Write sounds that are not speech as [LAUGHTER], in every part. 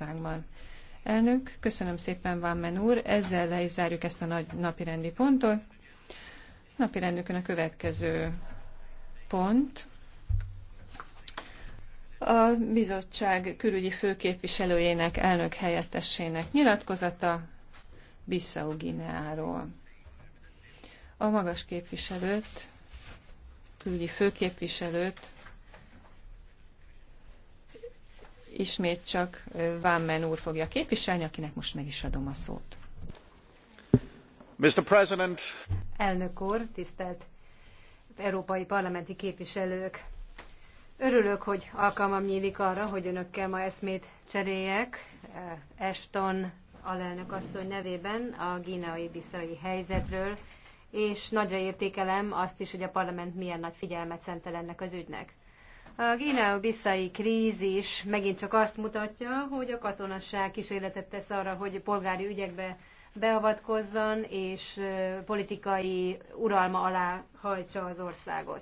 országban. Elnök, köszönöm szépen, Vámen úr. Ezzel le is zárjuk ezt a nagy napirendi pontot. Napirendünkön a következő pont. A bizottság külügyi főképviselőjének elnök helyettesének nyilatkozata Bissau Gineáról. A magas képviselőt, külügyi főképviselőt ismét csak Vámen úr fogja képviselni, akinek most meg is adom a szót. Mr. President. Elnök úr, tisztelt európai parlamenti képviselők! Örülök, hogy alkalmam nyílik arra, hogy önökkel ma eszmét cseréljek. Eston eh, alelnök asszony nevében a gínai biszai helyzetről, és nagyra értékelem azt is, hogy a parlament milyen nagy figyelmet szentel ennek az ügynek. A Gíneo-Bissai krízis megint csak azt mutatja, hogy a katonasság kísérletet tesz arra, hogy polgári ügyekbe beavatkozzon és politikai uralma alá hajtsa az országot.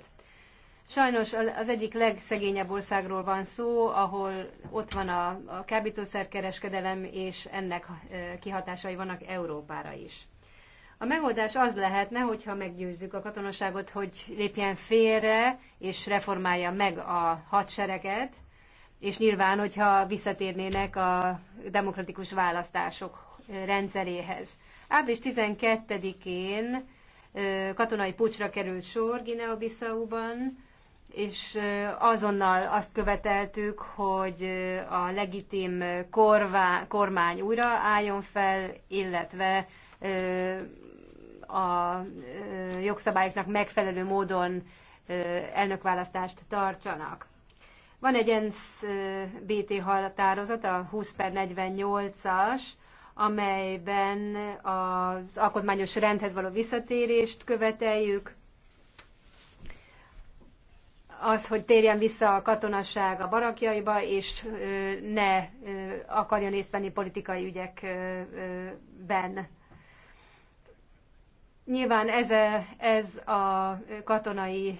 Sajnos az egyik legszegényebb országról van szó, ahol ott van a, a kábítószerkereskedelem, és ennek kihatásai vannak Európára is. A megoldás az lehetne, hogyha meggyőzzük a katonaságot, hogy lépjen félre, és reformálja meg a hadsereget, és nyilván, hogyha visszatérnének a demokratikus választások rendszeréhez. Április 12-én katonai pucsra került sor Gineobiszauban, és azonnal azt követeltük, hogy a legitim korvá, kormány újra álljon fel, illetve a jogszabályoknak megfelelő módon elnökválasztást tartsanak. Van egy ENSZ BT határozat, a 20 per 48-as, amelyben az alkotmányos rendhez való visszatérést követeljük, az, hogy térjen vissza a katonasság a barakjaiba, és ne akarjon részt venni politikai ügyekben. Nyilván ez a, ez a katonai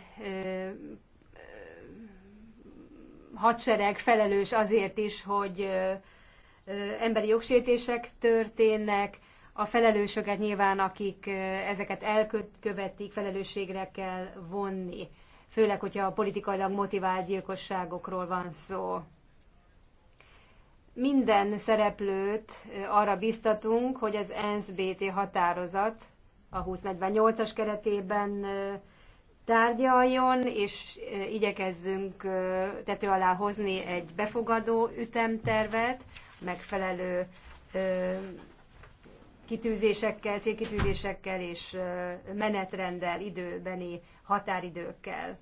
hadsereg felelős azért is, hogy emberi jogsértések történnek, a felelősöket nyilván, akik ezeket elkövetik, felelősségre kell vonni, főleg, hogyha a politikailag motivált gyilkosságokról van szó. Minden szereplőt arra biztatunk, hogy az NSBT határozat a 2048-as keretében tárgyaljon, és igyekezzünk tető alá hozni egy befogadó ütemtervet, megfelelő kitűzésekkel, célkitűzésekkel és menetrenddel, időbeni határidőkkel.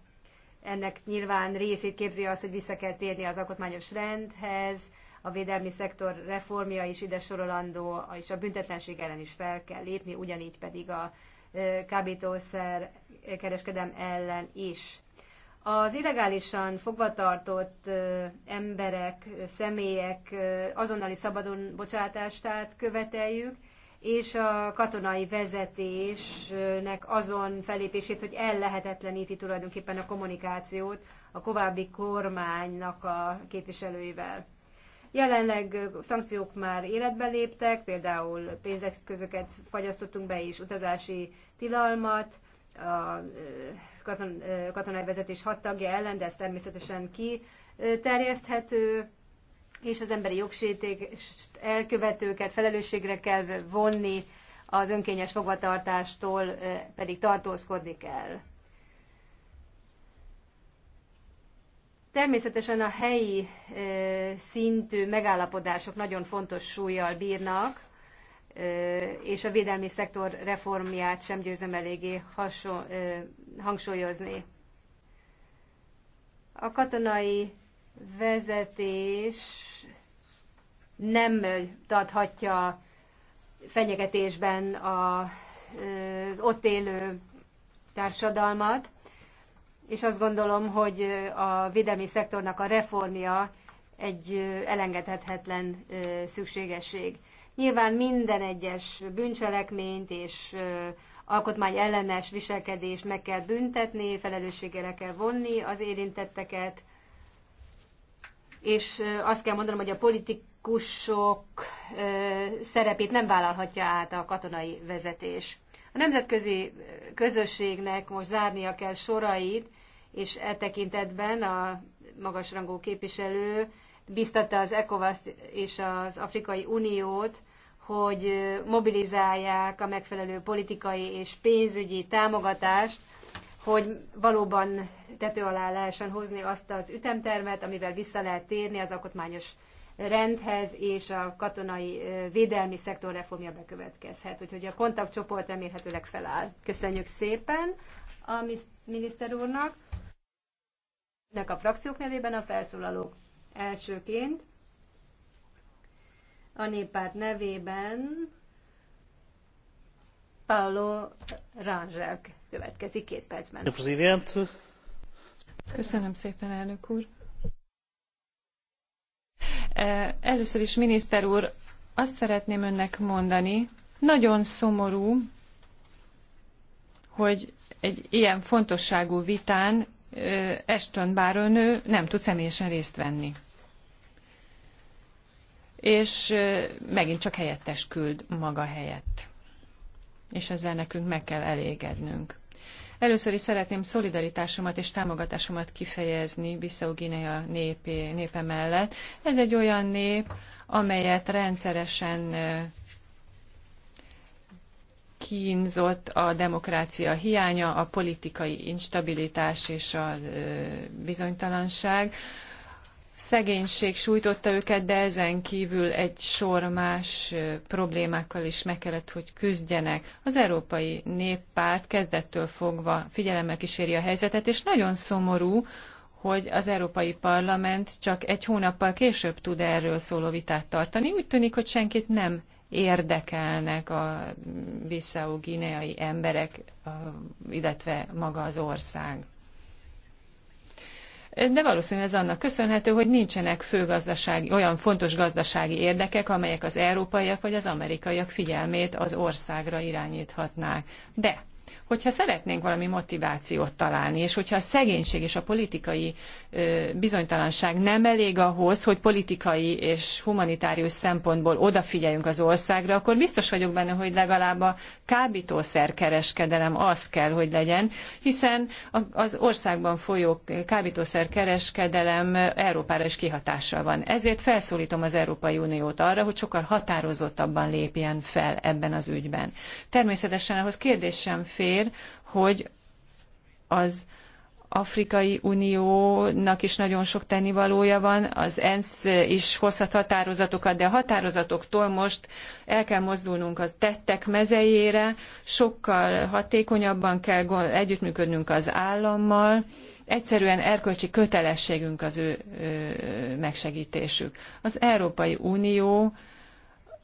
Ennek nyilván részét képzi az, hogy vissza kell térni az alkotmányos rendhez, a védelmi szektor reformja is ide sorolandó, és a büntetlenség ellen is fel kell lépni, ugyanígy pedig a kábítószer kereskedem ellen is. Az illegálisan fogvatartott emberek, személyek azonnali szabadon bocsátását követeljük, és a katonai vezetésnek azon felépését, hogy ellehetetleníti tulajdonképpen a kommunikációt a korábbi kormánynak a képviselőivel. Jelenleg szankciók már életbe léptek, például pénzeszközöket fagyasztottunk be is utazási tilalmat, a katonai vezetés hat tagja ellen, de ez természetesen kiterjeszthető, és az emberi jogsértést elkövetőket felelősségre kell vonni, az önkényes fogvatartástól pedig tartózkodni kell. Természetesen a helyi szintű megállapodások nagyon fontos súlyjal bírnak, és a védelmi szektor reformját sem győzöm eléggé hangsúlyozni. A katonai vezetés nem tarthatja fenyegetésben az ott élő társadalmat, és azt gondolom, hogy a védelmi szektornak a reformja egy elengedhetetlen szükségesség. Nyilván minden egyes bűncselekményt és alkotmány ellenes viselkedést meg kell büntetni, felelősségére kell vonni az érintetteket, és azt kell mondanom, hogy a politikusok szerepét nem vállalhatja át a katonai vezetés. A nemzetközi közösségnek most zárnia kell sorait, és e tekintetben a magasrangú képviselő biztatta az ECOWAS és az Afrikai Uniót, hogy mobilizálják a megfelelő politikai és pénzügyi támogatást, hogy valóban tető alá lehessen hozni azt az ütemtermet, amivel vissza lehet térni az alkotmányos rendhez, és a katonai védelmi szektor reformja bekövetkezhet. Úgyhogy a kontaktcsoport remélhetőleg feláll. Köszönjük szépen a miniszter úrnak! Nek a frakciók nevében a felszólalók elsőként a néppárt nevében Paolo Rangel következik két percben. Köszönöm szépen, elnök úr. E, először is, miniszter úr, azt szeretném önnek mondani, nagyon szomorú, hogy egy ilyen fontosságú vitán Eston bárónő nem tud személyesen részt venni. És megint csak helyettes küld maga helyett. És ezzel nekünk meg kell elégednünk. Először is szeretném szolidaritásomat és támogatásomat kifejezni Bissau Guinea népe mellett. Ez egy olyan nép, amelyet rendszeresen kínzott a demokrácia hiánya, a politikai instabilitás és a bizonytalanság. Szegénység sújtotta őket, de ezen kívül egy sor más problémákkal is meg kellett, hogy küzdjenek. Az Európai Néppárt kezdettől fogva figyelemmel kíséri a helyzetet, és nagyon szomorú, hogy az Európai Parlament csak egy hónappal később tud erről szóló vitát tartani. Úgy tűnik, hogy senkit nem érdekelnek a Bissau gineai emberek, illetve maga az ország. De valószínűleg ez annak köszönhető, hogy nincsenek főgazdasági, olyan fontos gazdasági érdekek, amelyek az európaiak vagy az amerikaiak figyelmét az országra irányíthatnák. De hogyha szeretnénk valami motivációt találni, és hogyha a szegénység és a politikai bizonytalanság nem elég ahhoz, hogy politikai és humanitárius szempontból odafigyeljünk az országra, akkor biztos vagyok benne, hogy legalább a kábítószerkereskedelem az kell, hogy legyen, hiszen az országban folyó kábítószerkereskedelem Európára is kihatással van. Ezért felszólítom az Európai Uniót arra, hogy sokkal határozottabban lépjen fel ebben az ügyben. Természetesen ahhoz kérdés sem fél, ér, hogy az Afrikai Uniónak is nagyon sok tennivalója van, az ENSZ is hozhat határozatokat, de a határozatoktól most el kell mozdulnunk a tettek mezejére, sokkal hatékonyabban kell együttműködnünk az állammal, egyszerűen erkölcsi kötelességünk az ő megsegítésük. Az Európai Unió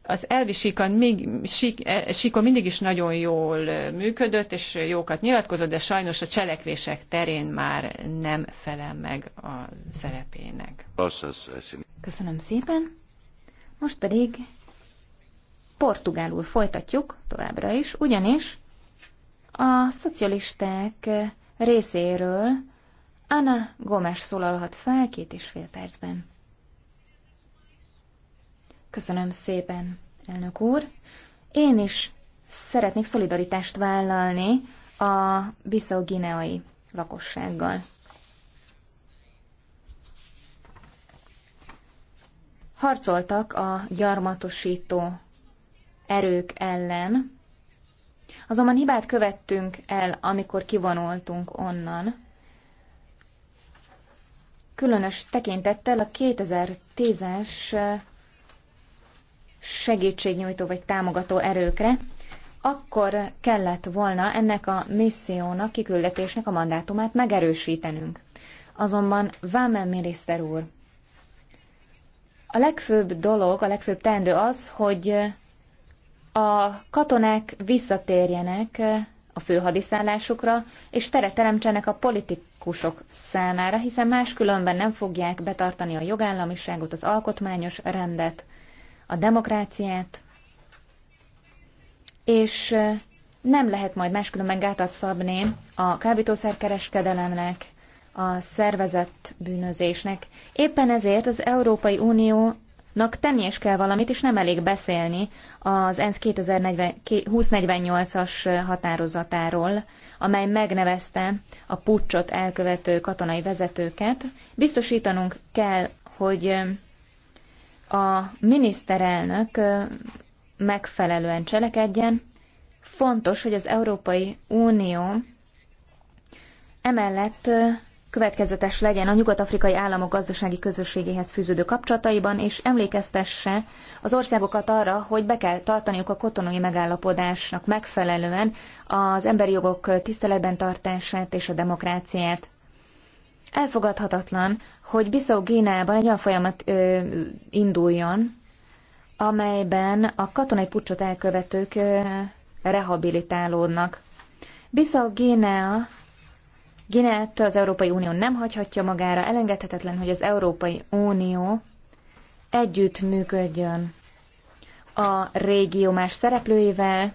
az elvi síkon, még, sík, e, síkon mindig is nagyon jól működött, és jókat nyilatkozott, de sajnos a cselekvések terén már nem felel meg a szerepének. Köszönöm szépen. Most pedig portugálul folytatjuk továbbra is, ugyanis a szocialisták részéről Ana Gomes szólalhat fel két és fél percben. Köszönöm szépen, elnök úr. Én is szeretnék szolidaritást vállalni a Bissau-Gineai lakossággal. Harcoltak a gyarmatosító erők ellen, azonban hibát követtünk el, amikor kivonultunk onnan. Különös tekintettel a 2010-es segítségnyújtó vagy támogató erőkre, akkor kellett volna ennek a missziónak, kiküldetésnek a mandátumát megerősítenünk. Azonban Vámen miniszter úr, a legfőbb dolog, a legfőbb teendő az, hogy a katonák visszatérjenek a főhadiszállásukra, és teret teremtsenek a politikusok számára, hiszen máskülönben nem fogják betartani a jogállamiságot, az alkotmányos rendet, a demokráciát, és nem lehet majd máskülönben gátat szabni a kábítószerkereskedelemnek, a szervezett bűnözésnek. Éppen ezért az Európai Uniónak tenni is kell valamit, és nem elég beszélni az ENSZ 2048-as határozatáról, amely megnevezte a pucsot elkövető katonai vezetőket. Biztosítanunk kell, hogy a miniszterelnök megfelelően cselekedjen. Fontos, hogy az Európai Unió emellett következetes legyen a nyugat-afrikai államok gazdasági közösségéhez fűződő kapcsolataiban, és emlékeztesse az országokat arra, hogy be kell tartaniuk a kotonai megállapodásnak megfelelően az emberi jogok tiszteletben tartását és a demokráciát. Elfogadhatatlan, hogy Bissau Gínában egy olyan folyamat ö, induljon, amelyben a katonai pucsot elkövetők ö, rehabilitálódnak. Bissau Gínea Gineát az Európai Unió nem hagyhatja magára, elengedhetetlen, hogy az Európai Unió együtt működjön a régió más szereplőivel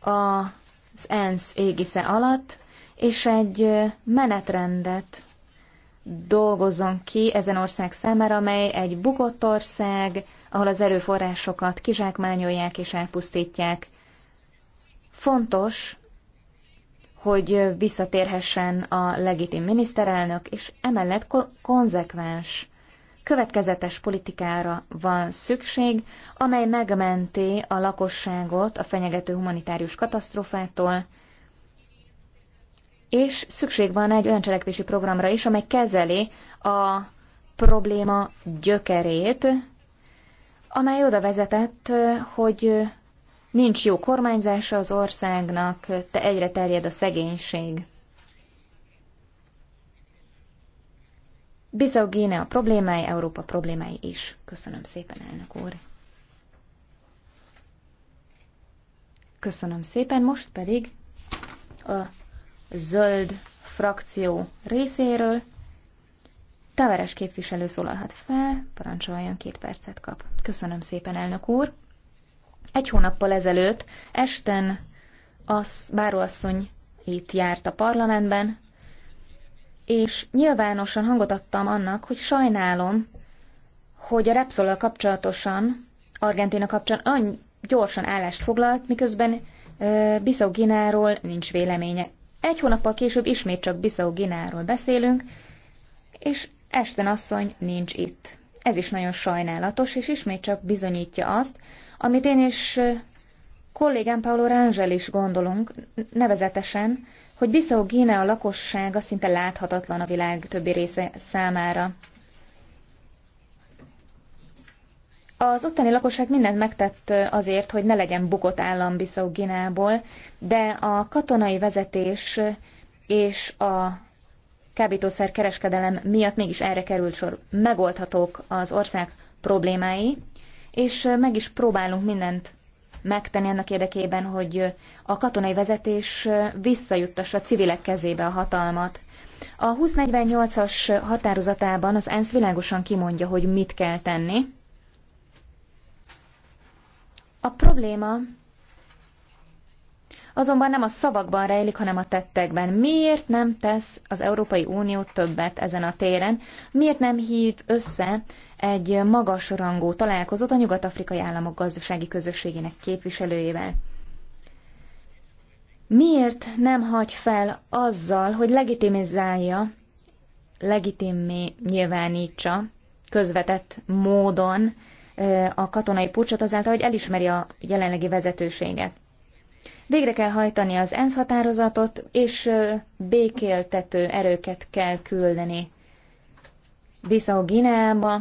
az ENSZ égisze alatt, és egy menetrendet dolgozzon ki ezen ország számára, amely egy bugott ország, ahol az erőforrásokat kizsákmányolják és elpusztítják. Fontos, hogy visszatérhessen a legitim miniszterelnök, és emellett ko- konzekvens, következetes politikára van szükség, amely megmenti a lakosságot a fenyegető humanitárius katasztrófától, és szükség van egy olyan cselekvési programra is, amely kezeli a probléma gyökerét, amely oda vezetett, hogy nincs jó kormányzása az országnak, te egyre terjed a szegénység. Bissau a problémái, Európa problémái is. Köszönöm szépen, elnök úr. Köszönöm szépen, most pedig a zöld frakció részéről. Taveres képviselő szólalhat fel, parancsoljon, két percet kap. Köszönöm szépen, elnök úr. Egy hónappal ezelőtt esten az báróasszony itt járt a parlamentben, és nyilvánosan hangot adtam annak, hogy sajnálom, hogy a repszolal kapcsolatosan, Argentina kapcsán olyan gyorsan állást foglalt, miközben Bissau Gináról nincs véleménye. Egy hónappal később ismét csak Bissau Gináról beszélünk, és Esten asszony nincs itt. Ez is nagyon sajnálatos, és ismét csak bizonyítja azt, amit én és kollégám Paolo Rangel is gondolunk, nevezetesen, hogy Bissau a lakossága szinte láthatatlan a világ többi része számára. Az ottani lakosság mindent megtett azért, hogy ne legyen bukott állam Bissau Ginából, de a katonai vezetés és a kábítószer kereskedelem miatt mégis erre került sor. Megoldhatók az ország problémái, és meg is próbálunk mindent megtenni annak érdekében, hogy a katonai vezetés visszajuttassa a civilek kezébe a hatalmat. A 2048-as határozatában az ENSZ világosan kimondja, hogy mit kell tenni, a probléma azonban nem a szavakban rejlik, hanem a tettekben. Miért nem tesz az Európai Unió többet ezen a téren? Miért nem hív össze egy magasrangú találkozót a nyugat-afrikai államok gazdasági közösségének képviselőjével? Miért nem hagy fel azzal, hogy legitimizálja, legitimé nyilvánítsa közvetett módon a katonai pucsot azáltal, hogy elismeri a jelenlegi vezetőséget. Végre kell hajtani az ENSZ határozatot, és békéltető erőket kell küldeni a Gineába,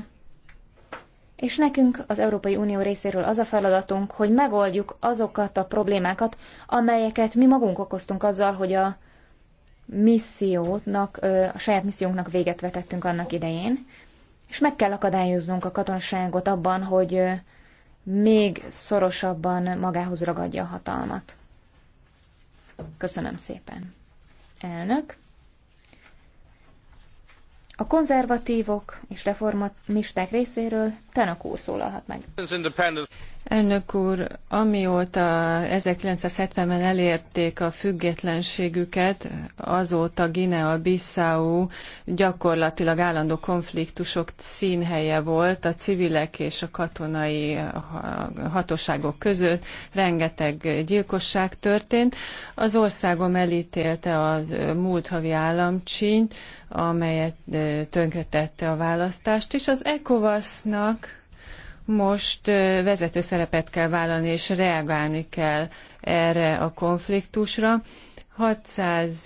és nekünk az Európai Unió részéről az a feladatunk, hogy megoldjuk azokat a problémákat, amelyeket mi magunk okoztunk azzal, hogy a missziónak, a saját missziónknak véget vetettünk annak idején és meg kell akadályoznunk a katonságot abban, hogy még szorosabban magához ragadja a hatalmat. Köszönöm szépen. Elnök. A konzervatívok és reformisták részéről Tanak úr szólalhat meg. Elnök úr, amióta 1970-ben elérték a függetlenségüket, azóta Guinea-Bissau gyakorlatilag állandó konfliktusok színhelye volt a civilek és a katonai hatóságok között. Rengeteg gyilkosság történt. Az országom elítélte a múlt havi államcsínyt, amelyet tönkretette a választást, és az ecovas nak most vezető szerepet kell vállalni, és reagálni kell erre a konfliktusra. 600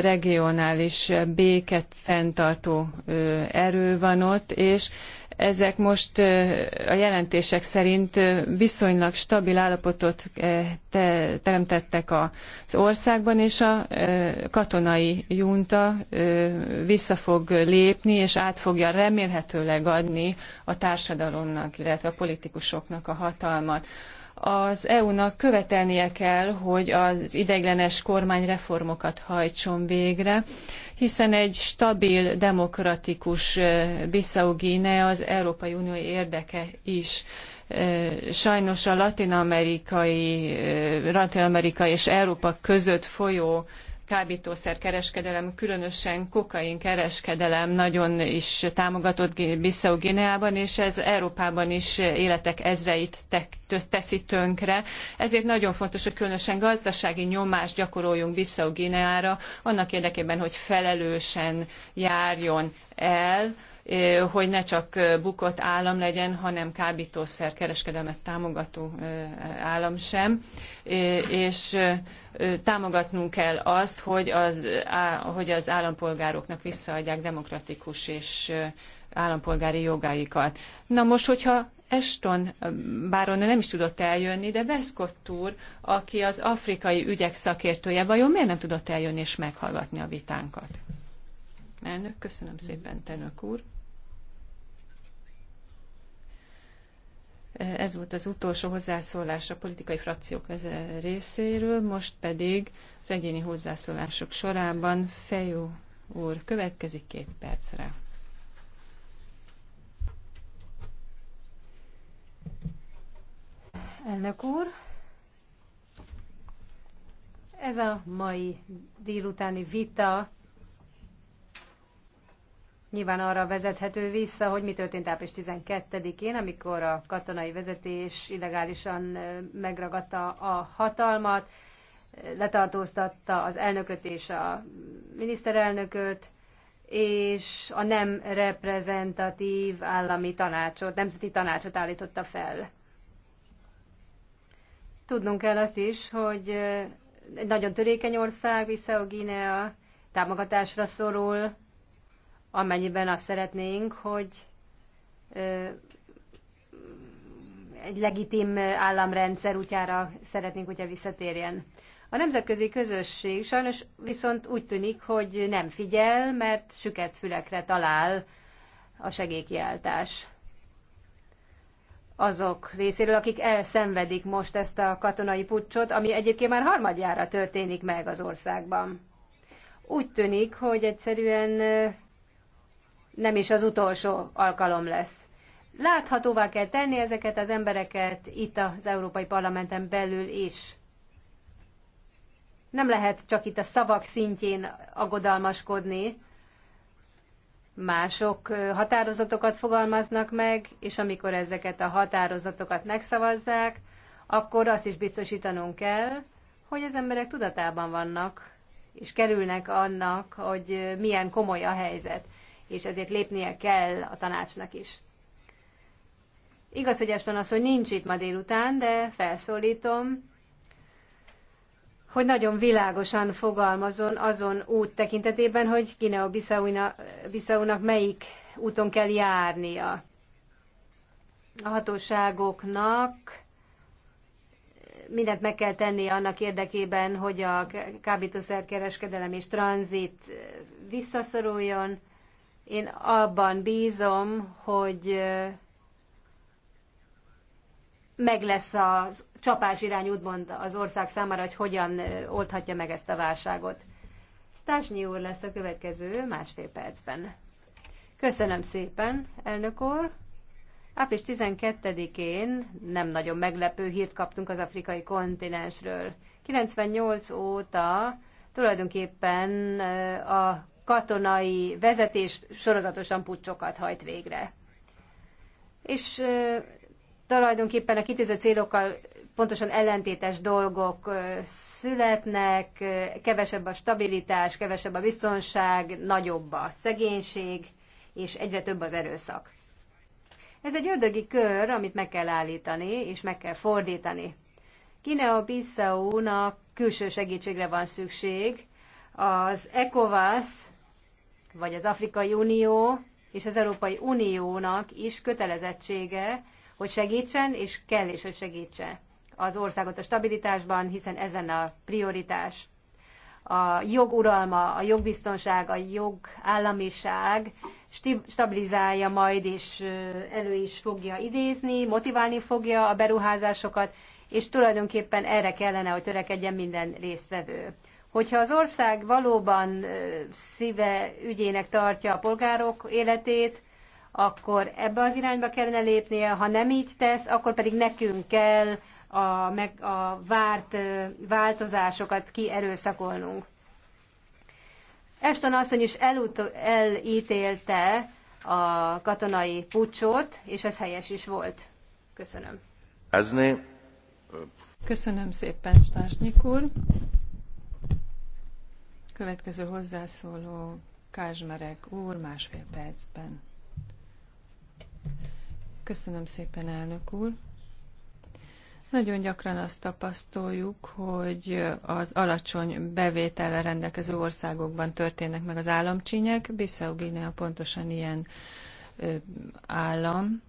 regionális béket fenntartó erő van ott, és ezek most a jelentések szerint viszonylag stabil állapotot teremtettek az országban, és a katonai junta vissza fog lépni, és át fogja remélhetőleg adni a társadalomnak, illetve a politikusoknak a hatalmat az EU-nak követelnie kell, hogy az ideiglenes kormány reformokat hajtson végre, hiszen egy stabil, demokratikus Bissau Guinea az Európai Unió érdeke is. Sajnos a latin-amerikai, latin és Európa között folyó kereskedelem, különösen kokain kereskedelem nagyon is támogatott Bissau Gineában, és ez Európában is életek ezreit teszi tönkre. Ezért nagyon fontos, hogy különösen gazdasági nyomást gyakoroljunk Bissau Gineára, annak érdekében, hogy felelősen járjon el, Eh, hogy ne csak eh, bukott állam legyen, hanem kábítószer kereskedelmet támogató eh, állam sem, és támogatnunk kell azt, hogy az, hogy az állampolgároknak visszaadják demokratikus és állampolgári jogáikat. Na most, hogyha Eston báron nem is tudott eljönni, de Veszkott úr, aki az afrikai ügyek szakértője, vajon miért nem tudott eljönni és meghallgatni a vitánkat? Elnök, köszönöm szépen, tenök úr. Ez volt az utolsó hozzászólás a politikai frakciók eh, részéről, most pedig az egyéni hozzászólások sorában Fejó úr következik két percre. Elnök úr, ez a mai délutáni vita nyilván arra vezethető vissza, hogy mi történt április 12-én, amikor a katonai vezetés illegálisan megragadta a hatalmat, letartóztatta az elnököt és a miniszterelnököt, és a nem reprezentatív állami tanácsot, nemzeti tanácsot állította fel. Tudnunk kell azt is, hogy egy nagyon törékeny ország, Vissza a Guinea támogatásra szorul, amennyiben azt szeretnénk, hogy egy legitim államrendszer útjára szeretnénk, hogyha visszatérjen. A nemzetközi közösség sajnos viszont úgy tűnik, hogy nem figyel, mert süket fülekre talál a segélykiáltás azok részéről, akik elszenvedik most ezt a katonai puccsot, ami egyébként már harmadjára történik meg az országban. Úgy tűnik, hogy egyszerűen nem is az utolsó alkalom lesz. Láthatóvá kell tenni ezeket az embereket itt az Európai Parlamenten belül is. Nem lehet csak itt a szavak szintjén aggodalmaskodni, mások határozatokat fogalmaznak meg, és amikor ezeket a határozatokat megszavazzák, akkor azt is biztosítanunk kell, hogy az emberek tudatában vannak, és kerülnek annak, hogy milyen komoly a helyzet és ezért lépnie kell a tanácsnak is. Igaz, hogy Eston asszony nincs itt ma délután, de felszólítom, hogy nagyon világosan fogalmazon azon út tekintetében, hogy Gineo bissau nak melyik úton kell járnia. A hatóságoknak mindent meg kell tenni annak érdekében, hogy a kábítószerkereskedelem és tranzit visszaszoruljon, én abban bízom, hogy meg lesz a csapás irány úgymond az ország számára, hogy hogyan oldhatja meg ezt a válságot. Stásnyi úr lesz a következő másfél percben. Köszönöm szépen, elnök úr! Április 12-én nem nagyon meglepő hírt kaptunk az afrikai kontinensről. 98 óta tulajdonképpen a katonai vezetés sorozatosan pucsokat hajt végre. És tulajdonképpen a kitűző célokkal pontosan ellentétes dolgok születnek, kevesebb a stabilitás, kevesebb a biztonság, nagyobb a szegénység, és egyre több az erőszak. Ez egy ördögi kör, amit meg kell állítani, és meg kell fordítani. Kinea-Bissau-nak külső segítségre van szükség. Az ECOVAS vagy az Afrikai Unió és az Európai Uniónak is kötelezettsége, hogy segítsen, és kell is, hogy segítse az országot a stabilitásban, hiszen ezen a prioritás. A joguralma, a jogbiztonság, a jogállamiság stabilizálja majd, és elő is fogja idézni, motiválni fogja a beruházásokat, és tulajdonképpen erre kellene, hogy törekedjen minden résztvevő. Hogyha az ország valóban szíve ügyének tartja a polgárok életét, akkor ebbe az irányba kellene lépnie, ha nem így tesz, akkor pedig nekünk kell a, meg, a várt változásokat kierőszakolnunk. Eston asszony is elutó, elítélte a katonai pucsot, és ez helyes is volt. Köszönöm. Köszönöm szépen, Stásnyik úr. Következő hozzászóló Kázsmerek úr másfél percben. Köszönöm szépen, elnök úr. Nagyon gyakran azt tapasztoljuk, hogy az alacsony bevételre rendelkező országokban történnek meg az államcsínyek. Bissau Guinea pontosan ilyen állam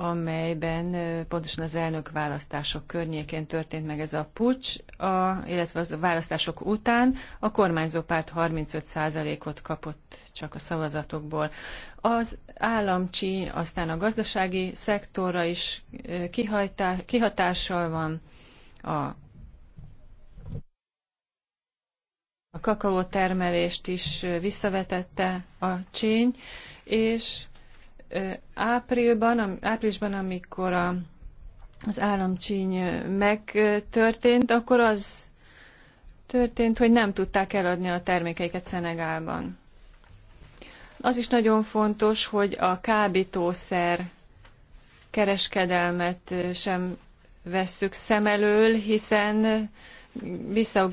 amelyben pontosan az elnök választások környékén történt meg ez a pucs, a, illetve az a választások után a kormányzó párt 35%-ot kapott csak a szavazatokból. Az államcsi, aztán a gazdasági szektorra is kihajtá, kihatással van a a kakaótermelést is visszavetette a csény, és áprilban, áprilisban, amikor a, az államcsíny megtörtént, akkor az történt, hogy nem tudták eladni a termékeiket Szenegálban. Az is nagyon fontos, hogy a kábítószer kereskedelmet sem vesszük szem elől, hiszen bissau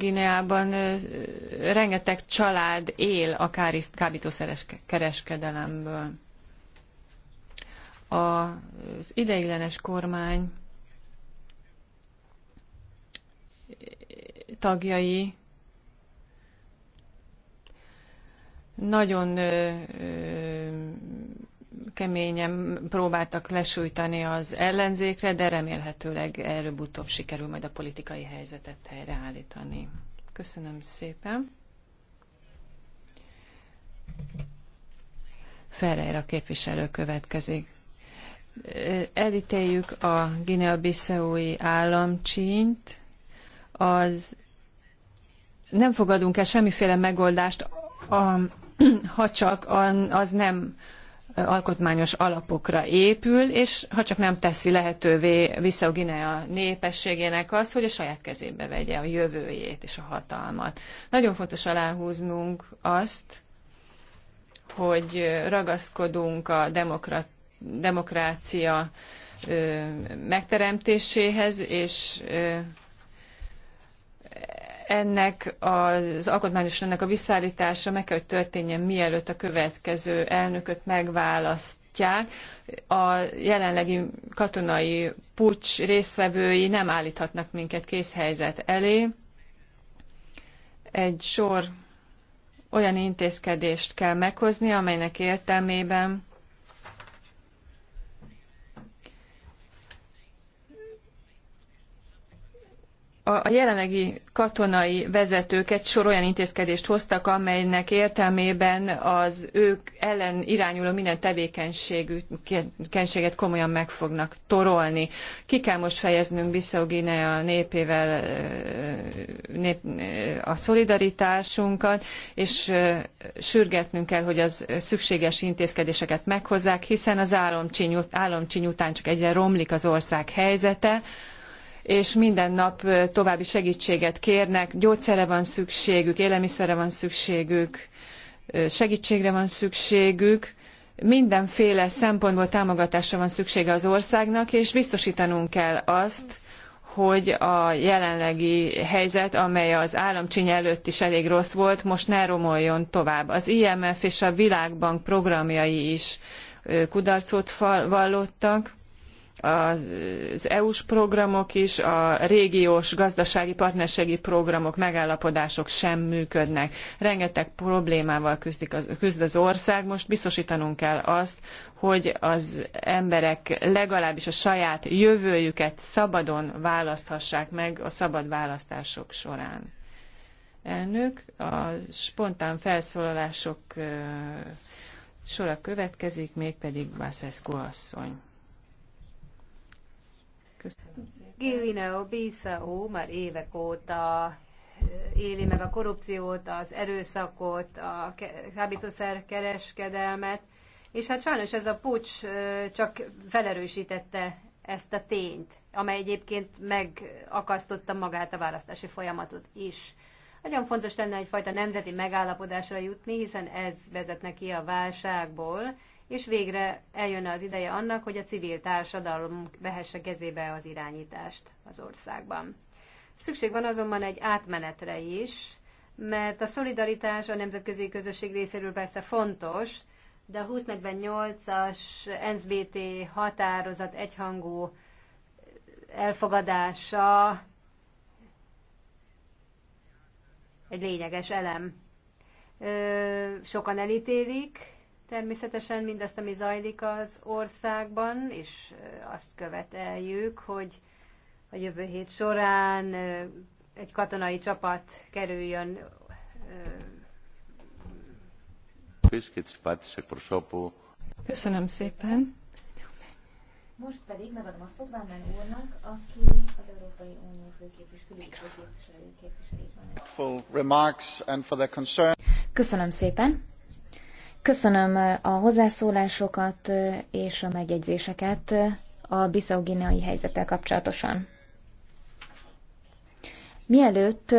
rengeteg család él a kábítószeres kereskedelemből az ideiglenes kormány tagjai nagyon keményen próbáltak lesújtani az ellenzékre, de remélhetőleg előbb-utóbb sikerül majd a politikai helyzetet helyreállítani. Köszönöm szépen. Ferreira képviselő következik elítéljük a Guinea-Bissaui államcsínyt, az nem fogadunk el semmiféle megoldást, [CLEARS THROAT] ha csak az nem alkotmányos alapokra épül, és ha csak nem teszi lehetővé vissza a Guinea népességének az, hogy a saját kezébe vegye a jövőjét és a hatalmat. Nagyon fontos aláhúznunk azt, hogy ragaszkodunk a demokrat demokrácia megteremtéséhez, és ennek az alkotmányos ennek a visszaállítása meg kell, hogy történjen mielőtt a következő elnököt megválasztják. A jelenlegi katonai pucs résztvevői nem állíthatnak minket készhelyzet elé. Egy sor olyan intézkedést kell meghozni, amelynek értelmében a jelenlegi katonai vezetők egy sor olyan intézkedést hoztak, amelynek értelmében az ők ellen irányuló minden tevékenységet komolyan meg fognak torolni. Ki kell most fejeznünk Bissau Guinea népével nép, a szolidaritásunkat, és sürgetnünk kell, hogy az szükséges intézkedéseket meghozzák, hiszen az államcsíny után csak egyre romlik az ország helyzete, és minden nap további segítséget kérnek, gyógyszerre van szükségük, élelmiszerre van szükségük, segítségre van szükségük, mindenféle szempontból támogatásra van szüksége az országnak, és biztosítanunk kell azt, hogy a jelenlegi helyzet, amely az államcsiny előtt is elég rossz volt, most ne romoljon tovább. Az IMF és a Világbank programjai is kudarcot vallottak, az EU-s programok is, a régiós gazdasági partnerségi programok, megállapodások sem működnek. Rengeteg problémával küzdik az, küzd az ország, most biztosítanunk kell azt, hogy az emberek legalábbis a saját jövőjüket szabadon választhassák meg a szabad választások során. Elnök, a spontán felszólalások sora következik, mégpedig Vászeszko asszony. Köszönöm Gilineo Bissau már évek óta eh, éli meg a korrupciót, az erőszakot, a kábítószer kereskedelmet, és hát sajnos ez a pucs eh, csak felerősítette ezt a tényt, amely egyébként megakasztotta magát a választási folyamatot is. Nagyon fontos lenne egyfajta nemzeti megállapodásra jutni, hiszen ez vezetne ki a válságból, és végre eljönne az ideje annak, hogy a civil társadalom vehesse kezébe az irányítást az országban. Szükség van azonban egy átmenetre is, mert a szolidaritás a nemzetközi közösség részéről persze fontos, de a 2048-as NSBT határozat egyhangú elfogadása egy lényeges elem. Sokan elítélik, Természetesen mindazt, ami zajlik az országban, és azt követeljük, hogy a jövő hét során egy katonai csapat kerüljön Köszönöm szépen. Most pedig megadom a szót Vámen úrnak, aki az Európai Unió főképviselőjét képviseli. Köszönöm szépen. Köszönöm a hozzászólásokat és a megjegyzéseket a biszauginai helyzettel kapcsolatosan. Mielőtt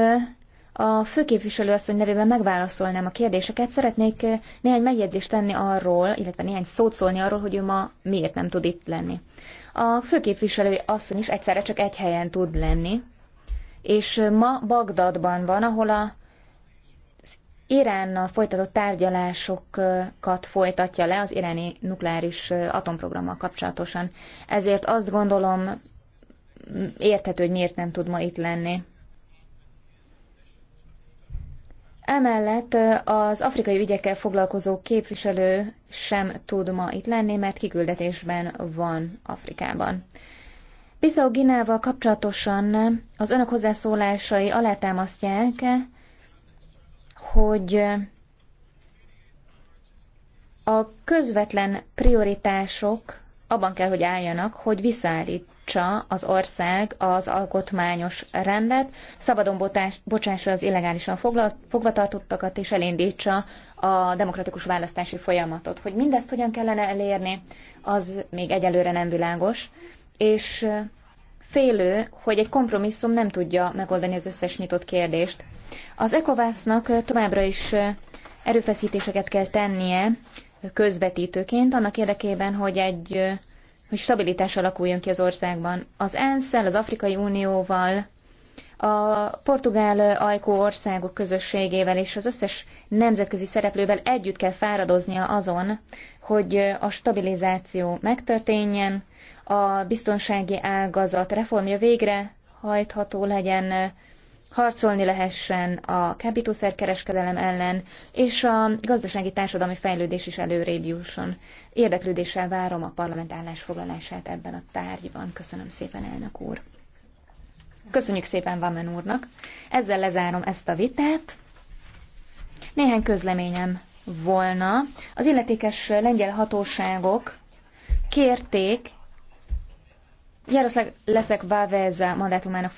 a főképviselő asszony nevében megválaszolnám a kérdéseket, szeretnék néhány megjegyzést tenni arról, illetve néhány szót szólni arról, hogy ő ma miért nem tud itt lenni. A főképviselő asszony is egyszerre csak egy helyen tud lenni, és ma Bagdadban van, ahol a Iránnal folytatott tárgyalásokat folytatja le az iráni nukleáris atomprogrammal kapcsolatosan. Ezért azt gondolom, érthető, hogy miért nem tud ma itt lenni. Emellett az afrikai ügyekkel foglalkozó képviselő sem tud ma itt lenni, mert kiküldetésben van Afrikában. Bissau Ginával kapcsolatosan az önök hozzászólásai alátámasztják hogy a közvetlen prioritások abban kell, hogy álljanak, hogy visszaállítsa az ország az alkotmányos rendet, szabadon bocsássa az illegálisan fogvatartottakat, és elindítsa a demokratikus választási folyamatot. Hogy mindezt hogyan kellene elérni, az még egyelőre nem világos, és félő, hogy egy kompromisszum nem tudja megoldani az összes nyitott kérdést. Az ECOWAS-nak továbbra is erőfeszítéseket kell tennie közvetítőként annak érdekében, hogy egy hogy stabilitás alakuljon ki az országban. Az ensz az Afrikai Unióval, a portugál ajkó országok közösségével és az összes nemzetközi szereplővel együtt kell fáradoznia azon, hogy a stabilizáció megtörténjen, a biztonsági ágazat reformja végre hajtható legyen, harcolni lehessen a kábítószerkereskedelem ellen, és a gazdasági társadalmi fejlődés is előrébb jusson. Érdeklődéssel várom a parlament állásfoglalását ebben a tárgyban. Köszönöm szépen, elnök úr. Köszönjük szépen Vamen úrnak. Ezzel lezárom ezt a vitát. Néhány közleményem volna. Az illetékes lengyel hatóságok kérték Jaroszláv Leszek Váveza mandátumának